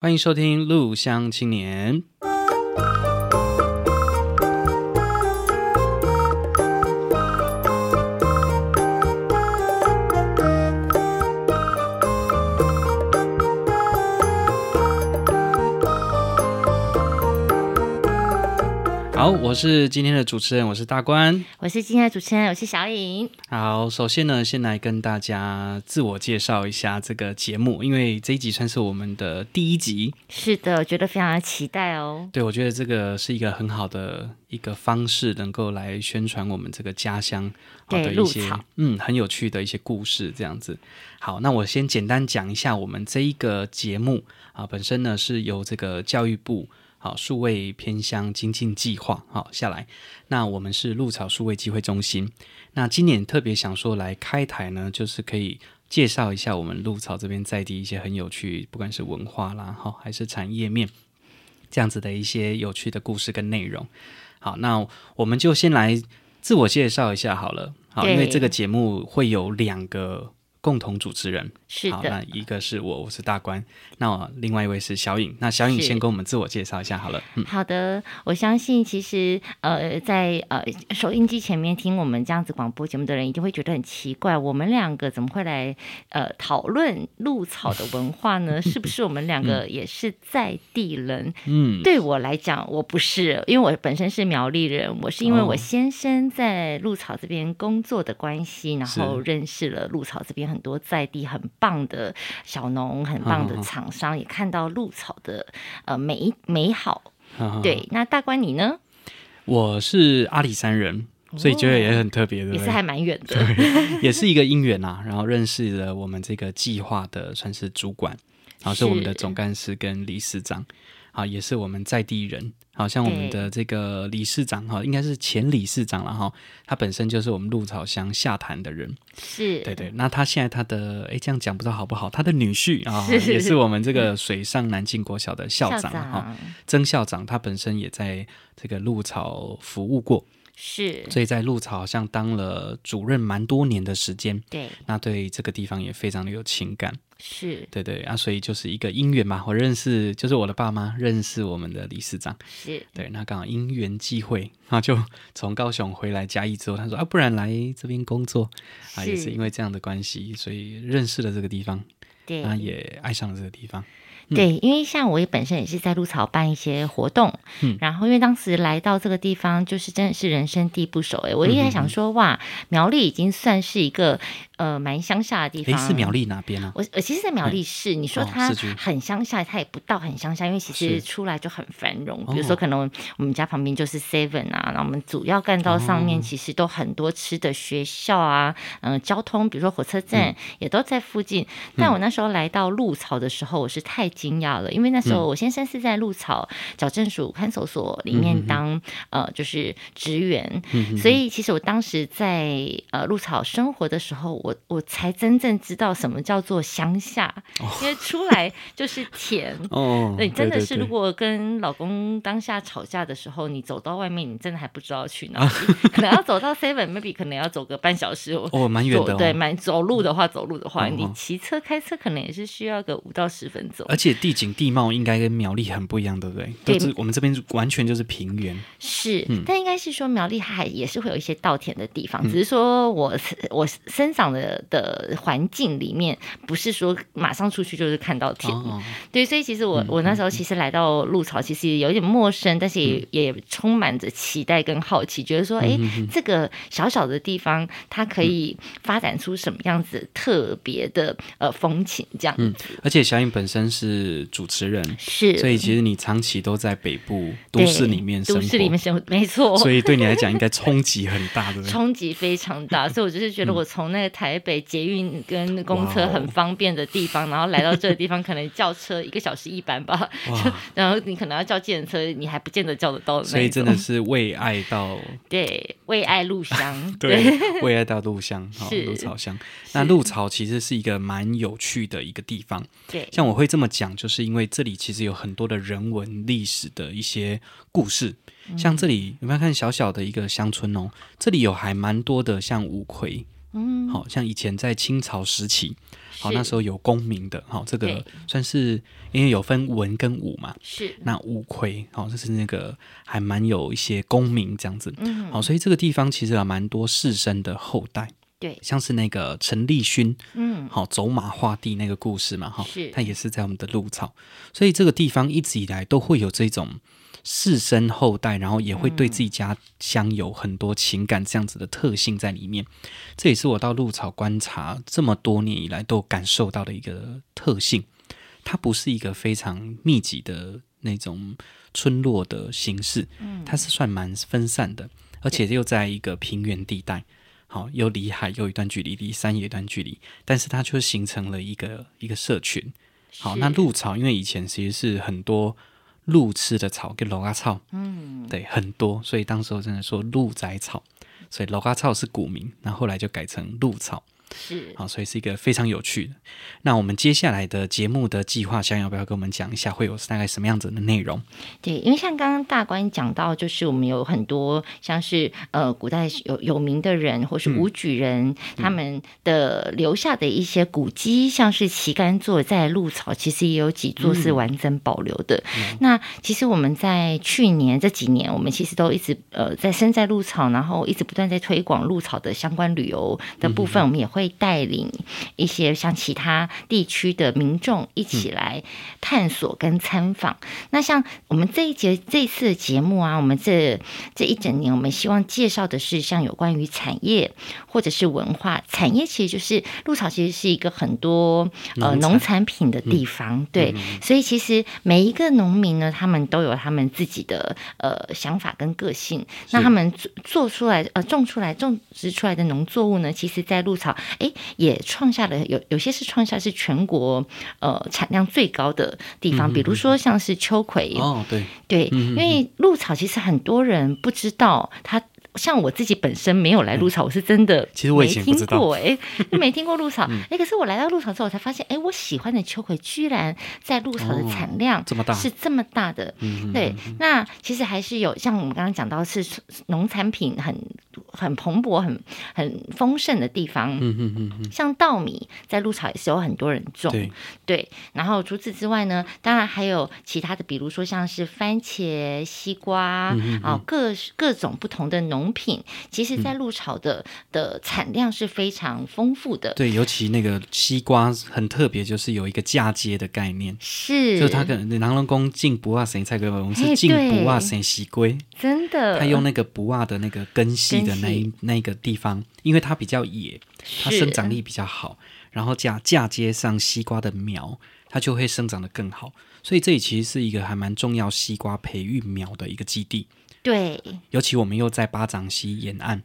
歡迎收聽《鹿鄉青年》。我是今天的主持人，我是大官，我是今天的主持人，我是小穎。好，首先呢，先來跟大家自我介紹一下這個節目，因為這一集算是我們的第一集。是的，我覺得非常的期待哦。對，我覺得這個是一個很好的一個方式，能夠來宣傳我們這個家鄉好的一些，嗯，很有趣的一些故事，這樣子。好，那我先簡單講一下我們這一個節目啊，本身呢是由這個教育部。好，數位偏鄉精進計劃，好，下來，那我們是鹿草數位機會中心。那今年特別想說來開台呢，就是可以介紹一下我們鹿草這邊在地一些很有趣，不管是文化啦，哈還是產業面，這樣子的一些有趣的故事跟內容。好，那我們就先來自我介紹一下好了。好，因為這個節目會有兩個。共同主持人是的，一個是我，我是大官，那我另外一位是小穎。那小穎先跟我們自我介紹一下好了。嗯、好的，我相信其實呃，在呃收音機前面聽我們這樣子廣播節目的人，一定會覺得很奇怪，我們兩個怎麼會來呃討論鹿草的文化呢？ 是不是我們兩個也是在地人？ 嗯，對我來講我不是，因為我本身是苗栗人，我是因為我先生在鹿草這邊工作的關係，哦、然後認識了鹿草這邊很。很多在地很棒的小農，很棒的廠商哦哦哦，也看到鹿草的呃美美好。哦哦對，那大官你呢？我是阿里山人，所以覺得也很特別的，哦、對對，也是還蠻遠的， 也是一個姻緣吶、啊。然後認識了我們這個計劃的，算是主管，然後是我們的總幹事跟理事長。啊，也是我們在地人，好像我們的這個理事長哈，對應該是前理事長了哈。他本身就是我們鹿草鄉下潭的人，是，對對。那他現在他的哎，這樣講不知道好不好？他的女婿啊，是也是我們這個水上南靖國小的校長哈長、哦，曾校長，他本身也在這個鹿草服務過，是，所以在鹿草好像當了主任蠻多年的時間，對，那對這個地方也非常的有情感。是對對啊，所以就是一個姻緣嘛。我認識就是我的爸媽認識我們的理事長，是對。那剛好因緣際會，那、啊、就從高雄回來嘉義之後，他說啊，不然來這邊工作是啊，也是因為這樣的關係，所以認識了這個地方，啊對，也愛上了這個地方。嗯、對，因為像我也本身也是在鹿草辦一些活動，嗯，然後因為當時來到這個地方，就是真的是人生地不熟哎，我一直想說嗯嗯嗯哇，苗栗已經算是一個。呃，蠻鄉下的地方。欸、是苗栗哪邊啊？我我其實，在苗栗市。嗯、你說它很鄉下，它也不到很鄉下，因為其實出來就很繁榮。是比如說，可能我們家旁邊就是 Seven 啊。那、哦、我們主要幹道上面，其實都很多吃的學校啊，嗯、哦呃，交通，比如說火車站、嗯、也都在附近。嗯、但我那時候來到鹿草的時候，我是太驚訝了，因為那時候我先生是在鹿草矯正署看守所裡面當、嗯、哼呃，就是職員。嗯、哼所以其實我當時在呃鹿草生活的時候，我。我我才真正知道什麼叫做鄉下，因為出來就是田。哦，對，你真的是，如果跟老公當下吵架的時候，你走到外面，你真的還不知道去哪，可能要走到 Seven，maybe 可能要走個半小時。哦，蠻遠的，對，蠻走路的話，走路的話，你騎車開車可能也是需要個五到十分鐘。而且地景地貌應該跟苗栗很不一樣，對不對？對，我們這邊完全就是平原。是，但應該是說苗栗還也是會有一些稻田的地方，只是說我我生長的，的的環境裡面，不是說馬上出去就是看到天，對，所以其實我我那時候其實來到鹿草，其實也有點陌生，但是也也充滿着期待跟好奇，覺得說，哎，這個小小的地方，它可以發展出什麼樣子特別的呃風情這樣。而且小穎本身是主持人，是，所以其實你長期都在北部都市裡面，都市裡面生活，沒錯，所以對你來講應該衝擊很大的，衝擊非常大，所以我就是覺得我從那個台。台北捷運跟公車很方便的地方，Wow 然後來到這個地方，可能叫車一個小時一班吧。Wow 然後你可能要叫計程車，你還不見得叫得到。所以真的是為愛到 對，為愛鹿鄉， 對，為 愛到鹿鄉好鹿是草鄉。是那鹿草其實是一個蠻有趣的一個地方。對，像我會這麼講，就是因為這裡其實有很多的人文歷史的一些故事。嗯、像這裡，有沒有看小小的一個鄉村哦，這裡有還蠻多的像，像五魁、嗯，好像以前在清朝時期，好是、哦、那時候有功名的，好、哦、這個算是因為有分文跟武嘛，是那武魁，好、哦、就是那個還蠻有一些功名這樣子，嗯，好、哦，所以這個地方其實還蠻多士紳的後代，對，像是那個陳立勳，嗯，好、哦，走馬畫地那個故事嘛，哈、哦，是，他也是在我們的鹿草，所以這個地方一直以來都會有這種。世生後代，然後也會對自己家鄉有很多情感，這樣子的特性在裡面。嗯、這也是我到鹿草觀察這麼多年以來都感受到的一個特性。它不是一個非常密集的那種村落的形式，它是算蠻分散的，嗯、而且又在一個平原地帶，好是、哦，又離海又一段距離，離山也有一段距離，但是它卻形成了一個一個社群。是好，那鹿草因為以前其實是很多。鹿吃的草跟鹿仔草，嗯，對，很多，所以當時真的說鹿仔草，所以鹿仔草是古名，那後，後來就改成鹿草。是，好，所以是一個非常有趣的。那我們接下來的節目的計劃，想要不要跟我們講一下，會有大概什麼樣子的內容？對，因為像剛剛大官講到，就是我們有很多像是呃古代有有名的人或是武舉人、嗯、他們的留下的一些古蹟，嗯、像是旗桿座在鹿草，其實也有幾座是完整保留的。嗯、那其實我們在去年這幾年，我們其實都一直呃在身在鹿草，然後一直不斷在推廣鹿草的相關旅遊的部分，嗯、哼我們也會。會帶領一些像其他地區的民眾一起來探索跟參訪。嗯、那像我們這一節這一次的節目啊，我們這這一整年，我們希望介紹的是像有關於產業或者是文化產業，其實就是鹿草，其實是一個很多呃、嗯、農產、農產品的地方。對，嗯嗯嗯、所以其實每一個農民呢，他們都有他們自己的呃想法跟個性。是那他們做做出來呃種出來種植出來的農作物呢，其實在鹿草。哎，也創下了有有些是創下是全國呃產量最高的地方，嗯嗯，比如說像是秋葵哦，對對，嗯嗯嗯，因為鹿草其實很多人不知道它。像我自己本身沒有來鹿草，嗯、我是真的沒聽其實我也沒聽過哎，欸、就沒聽過鹿草哎、嗯欸。可是我來到鹿草之後，我才發現哎、欸，我喜歡的秋葵居然在鹿草的產量這麼大，是這麼大的。哦、大對，嗯、哼那其實還是有像我們剛剛講到，是農產品很很蓬勃、很很豐盛的地方。嗯、哼像稻米在鹿草也是有很多人種。對,對，然後除此之外呢，當然還有其他的，比如說像是番茄、西瓜啊、嗯哼哦，各各種不同的農。農品其實在鹿草的、嗯、的產量是非常豐富的，對，尤其那個西瓜很特別，就是有一個嫁接的概念，是，就是它跟南龍公進不啊神菜跟我們是進不啊神西龜，真的，它用那個不啊的那個根系的那一系那一個地方，因為它比較野，它生長力比較好，是然後嫁嫁接上西瓜的苗，它就會生長得更好，所以這裡其實是一個還蠻重要西瓜培育苗的一個基地。對，尤其我們又在八掌溪沿岸，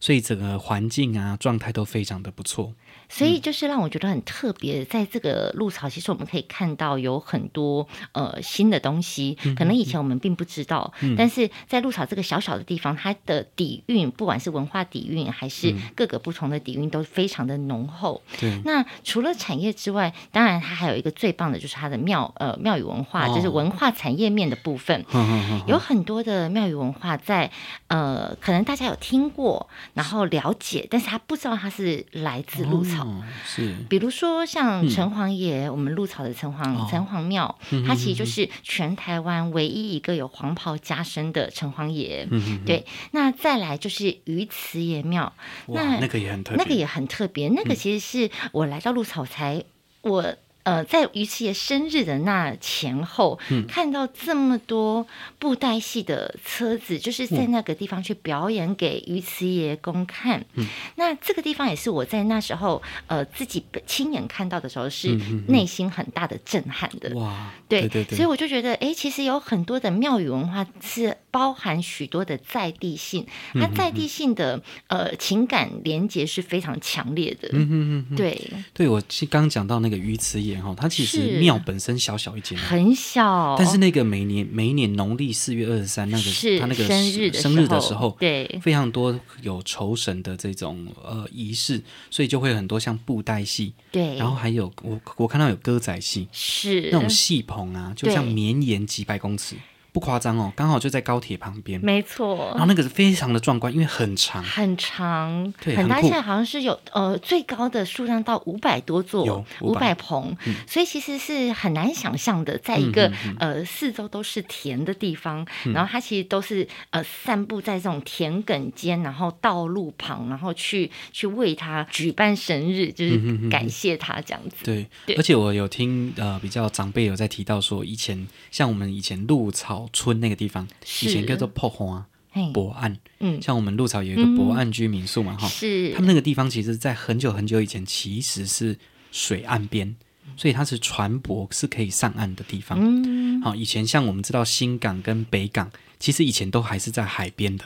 所以整個環境啊、狀態都非常的不錯。所以就是讓我覺得很特別，在這個鹿草，其實我們可以看到有很多呃新的東西，可能以前我們並不知道，嗯嗯、但是在鹿草這個小小的地方，它的底蘊，不管是文化底蘊還是各個不同的底蘊，都非常的濃厚。嗯、對、那除了產業之外，當然它還有一個最棒的，就是它的廟呃廟宇文化，哦、就是文化產業面的部分，呵呵呵有很多的廟宇文化在呃，可能大家有聽過，然後了解，但是他不知道他是來自鹿草。哦哦、是，比如說像城隍爺，嗯、我們鹿草的城隍、哦、城隍廟它其實就是全台灣唯一一個有黃袍加身的城隍爺。嗯、哼哼對，那再來就是余慈爺廟。哇那那個也很特那個也很特別，那個其實是我來到鹿草才、嗯、我。呃，在於池爺生日的那前後，嗯、看到這麼多布袋戲的車子，嗯、就是在那個地方去表演給於池爺公看。嗯、那這個地方也是我在那時候，呃，自己親眼看到的時候，是內心很大的震撼的。哇，對對對，所以我就覺得，哎、欸，其實有很多的廟宇文化是包含許多的在地性，它、嗯嗯嗯啊、在地性的呃情感連結是非常強烈的。嗯嗯嗯，嗯嗯嗯對，對我剛講到那個於池爺。它其實廟本身小小一間，很小哦，但是那個每年每一年農曆四月二十三那個他是那個生日生日的時候，時候對，非常多有酬神的這種呃儀式，所以就會有很多像布袋戲，對，然後還有我我看到有歌仔戲，是那種戲棚啊，就像綿延幾百公尺。不誇張哦，剛好就在高鐵旁邊，沒錯錯。然後那個是非常的壯觀，因為很長，很長。對很大。很酷現在好像是有呃最高的數量到五百多座，五百棚，嗯、所以其實是很難想象的，在一個、嗯、哼哼呃四周都是田的地方，嗯、哼哼然後它其實都是呃散布在這種田埂間，然後道路旁，然後去去為它舉辦生日，就是感謝它這樣子。對，而且我有聽呃比較長輩有在提到說，以前像我們以前鹿草。村那個地方以前叫做破洪啊，博是岸，嗯，像我們鹿草有一個博岸居民宿嘛，哈、嗯，是他們那個地方，其實在很久很久以前，其實是水岸邊，所以它是船舶是可以上岸的地方。嗯，好，以前像我們知道新港跟北港，其實以前都還是在海邊的。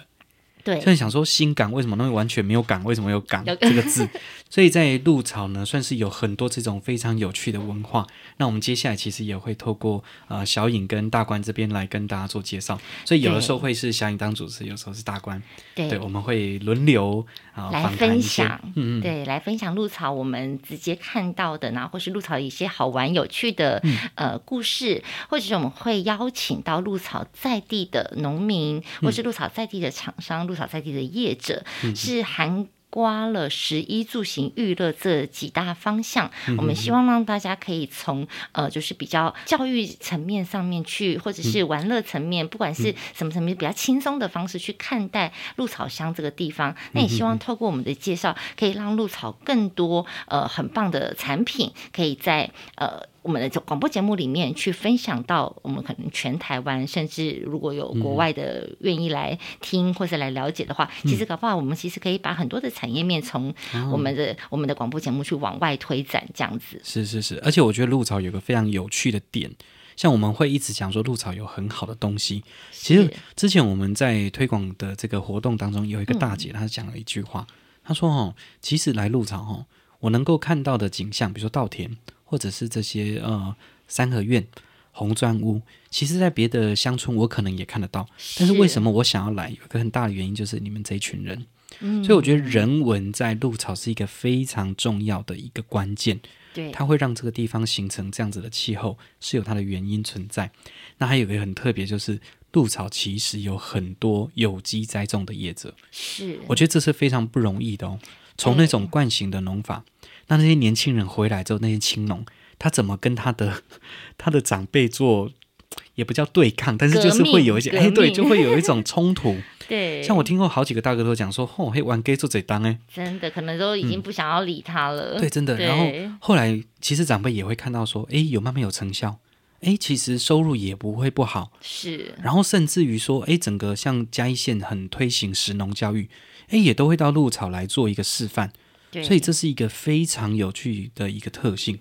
就對想說新港為什麼那麼完全沒有港？為什麼有港 這個字？所以在鹿草呢，算是有很多這種非常有趣的文化。那我們接下來其實也會透過呃小穎跟大官這邊來跟大家做介紹。所以有的時候會是小穎當主持，有時候是大官。對，對，我們會輪流來分享，嗯嗯對，來分享鹿草我們直接看到的，然後或是鹿草一些好玩有趣的、嗯、呃故事，或者是我們會邀請到鹿草在地的農民，嗯、或是鹿草在地的廠商鹿。所在地的業者是涵蓋了，食衣住行娛樂這幾大方向，我們希望讓大家可以從呃，就是比較教育層面上面去，或者是玩樂層面，不管是什麼層面，比較輕鬆的方式去看待鹿草鄉這個地方。那也希望透過我們的介紹，可以讓鹿草更多呃很棒的產品，可以在呃。我們的廣播節目裡面去分享到，我們可能全台灣，甚至如果有國外的願意來聽或者來了解的話，嗯、其實搞不好我們其實可以把很多的產業面從我們的、哦、我們的廣播節目去往外推展，這樣子。是是是，而且我覺得鹿草有個非常有趣的點，像我們會一直講說鹿草有很好的東西。其實之前我們在推廣的這個活動當中，有一個大姐她講了一句話，嗯、她說：“哦，其實來鹿草哦，我能夠看到的景象，比如說稻田。”或者是這些呃三合院紅磚屋，其實，在別的鄉村我可能也看得到，是但是為什麼我想要來？有一個很大的原因就是你們這一群人，嗯，所以我覺得人文在鹿草是一個非常重要的一個關鍵，對，它會讓這個地方形成這樣子的氣候是有它的原因存在。那還有一個很特別，就是鹿草其實有很多有機栽種的業者，是，我覺得這是非常不容易的哦，從那種慣行的農法。那那些年輕人回來之後，那些青農他怎麼跟他的他的長輩做，也不叫對抗，但是就是會有一些哎，對，就會有一種衝突。 對，像我聽過好幾個大哥都講說，吼、哦，嘿，玩 Gay 做嘴當哎，真的可能都已經不想要理他了。嗯、對，真的。對然後後來其實長輩也會看到說，哎、欸，有慢慢有成效，哎、欸，其實收入也不會不好。是。然後甚至於說，哎、欸，整個像嘉義縣很推行食農教育，哎、欸，也都會到鹿草來做一個示範。對。所以這是一個非常有趣的一個特性。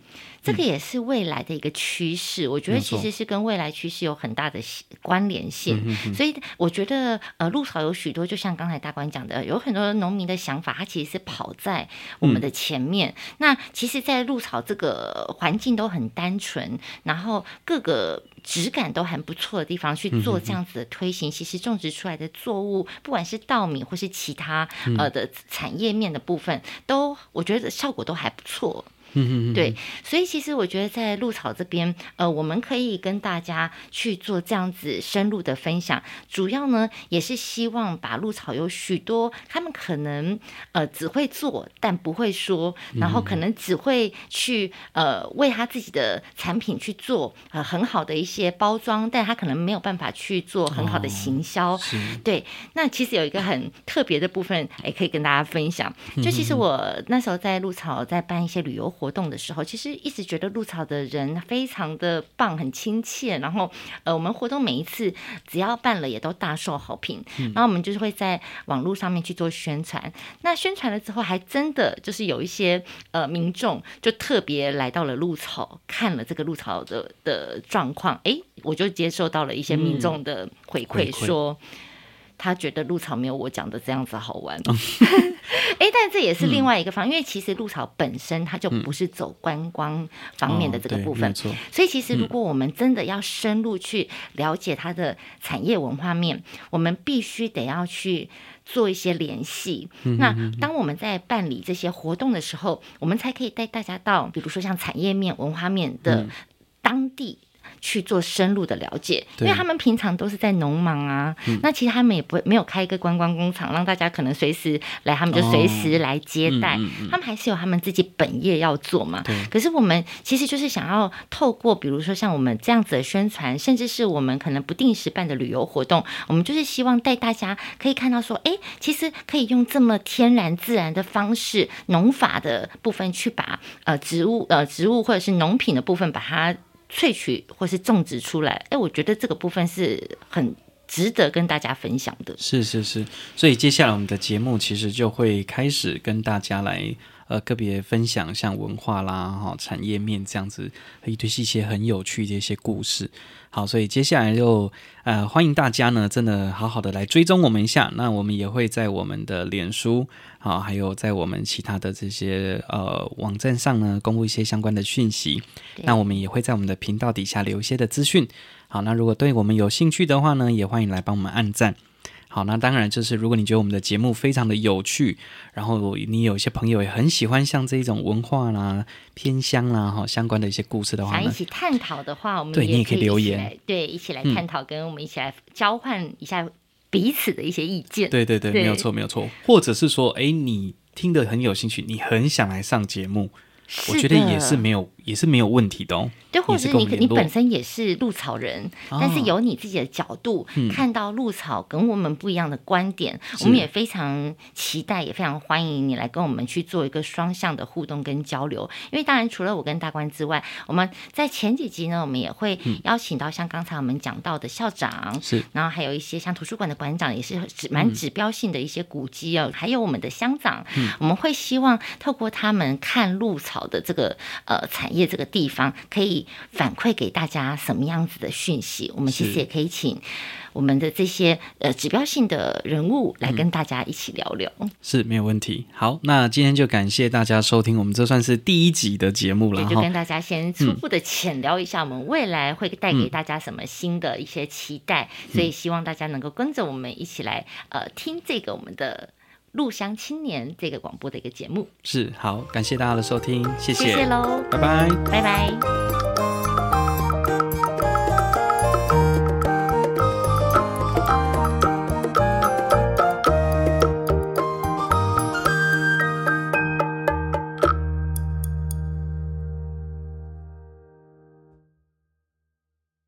這個也是未來的一個趨勢，我覺得其實是跟未來趨勢有很大的關聯性。所以我覺得，呃，鹿草有許多，就像剛才大官講的，有很多農民的想法，他其實是跑在我們的前面。嗯、那其實，在鹿草這個環境都很單純，然後各個質感都很不錯的地方去做這樣子的推行，其實種植出來的作物，不管是稻米或是其他的、嗯、呃的產業面的部分，都我覺得效果都還不錯。嗯 對，所以其實我覺得在鹿草這邊，呃，我們可以跟大家去做這樣子深入的分享，主要呢也是希望把鹿草有許多他們可能呃只會做，但不會說，然後可能只會去呃為他自己的產品去做呃很好的一些包裝，但他可能沒有辦法去做很好的行銷。哦、對，那其實有一個很特別的部分，也可以跟大家分享。就其實我那時候在鹿草在辦一些旅遊。活動的時候，其實一直覺得鹿草的人非常的棒，很親切。然後，呃，我們活動每一次只要辦了，也都大受好評。然後我們就是會在網絡上面去做宣傳。嗯、那宣傳了之後，還真的就是有一些呃民眾就特別來到了鹿草，看了這個鹿草的的狀況。誒、欸，我就接受到了一些民眾的回饋，說。嗯他覺得鹿草沒有我講的這樣子好玩，誒、哦 欸，但這也是另外一個方，嗯、因為其實鹿草本身它就不是走觀光方面的這個部分，嗯哦、所以其實如果我們真的要深入去了解它的產業文化面，嗯、我們必須得要去做一些聯繫。嗯、哼哼那當我們在辦理這些活動的時候，我們才可以帶大家到，比如說像產業面、文化面的當地。嗯去做深入的了解，對因為他們平常都是在農忙啊，嗯、那其實他們也不會沒有開一個觀光工廠，讓大家可能隨時來，他們就隨時來接待，哦嗯嗯嗯、他們還是有他們自己本業要做嘛。對可是我們其實就是想要透過，比如說像我們這樣子的宣傳，甚至是我們可能不定時辦的旅遊活動，我們就是希望帶大家可以看到說，哎，其實可以用這麼天然自然的方式，農法的部分去把呃植物呃植物或者是農品的部分把它。萃取或是種植出來，哎，我覺得這個部分是很值得跟大家分享的。是是是，所以接下來我們的節目其實就會開始跟大家來。呃，個別分享像文化啦、哈、哦、產業面這樣子，一堆是一些很有趣的一些故事。好，所以接下來就呃歡迎大家呢，真的好好的來追蹤我們一下。那我們也會在我們的臉書啊、哦，還有在我們其他的這些呃網站上呢，公布一些相關的訊息。對那我們也會在我們的頻道底下留一些的資訊。好，那如果對我們有興趣的話呢，也歡迎來幫我們按讚。好那，當然，就是如果你覺得我們的節目非常的有趣，然後你有一些朋友也很喜歡像這種文化啦、偏鄉啦哈相關的一些故事的話，想一起探討的話，對我們對，你也可以留言，對，一起來探討，嗯、跟我們一起來交換一下彼此的一些意見。對對對，對沒有錯，沒有錯。或者是說，哎，你聽得很有興趣，你很想來上節目。我覺得也是沒有，是的也是沒有問題的哦。對，或者是你，你本身也是鹿草人，啊、但是有你自己的角度，嗯、看到鹿草跟我們不一樣的觀點，是我們也非常期待，也非常歡迎你來跟我們去做一個雙向的互動跟交流。因為當然，除了我跟大官之外，我們在前幾集呢，我們也會邀請到像剛才我們講到的校長，嗯、是，然後還有一些像圖書館的館長，也是蠻指標性的一些古蹟哦，嗯、還有我們的鄉長，嗯、我們會希望透過他們看鹿草。好的，這個呃產業這個地方可以反饋給大家什麼樣子的訊息？我們其實也可以請我們的這些呃指標性的人物來跟大家一起聊聊，是沒有問題。好，那今天就感謝大家收聽，我們這算是第一集的節目了，對然後就跟大家先初步的淺聊一下，我們未來會帶給大家什麼新的一些期待，嗯嗯、所以希望大家能夠跟着我們一起來呃聽這個我們的。鹿鄉青年這個廣播的一個節目是好，感謝大家的收聽，謝謝，謝謝嘍，拜拜，拜拜。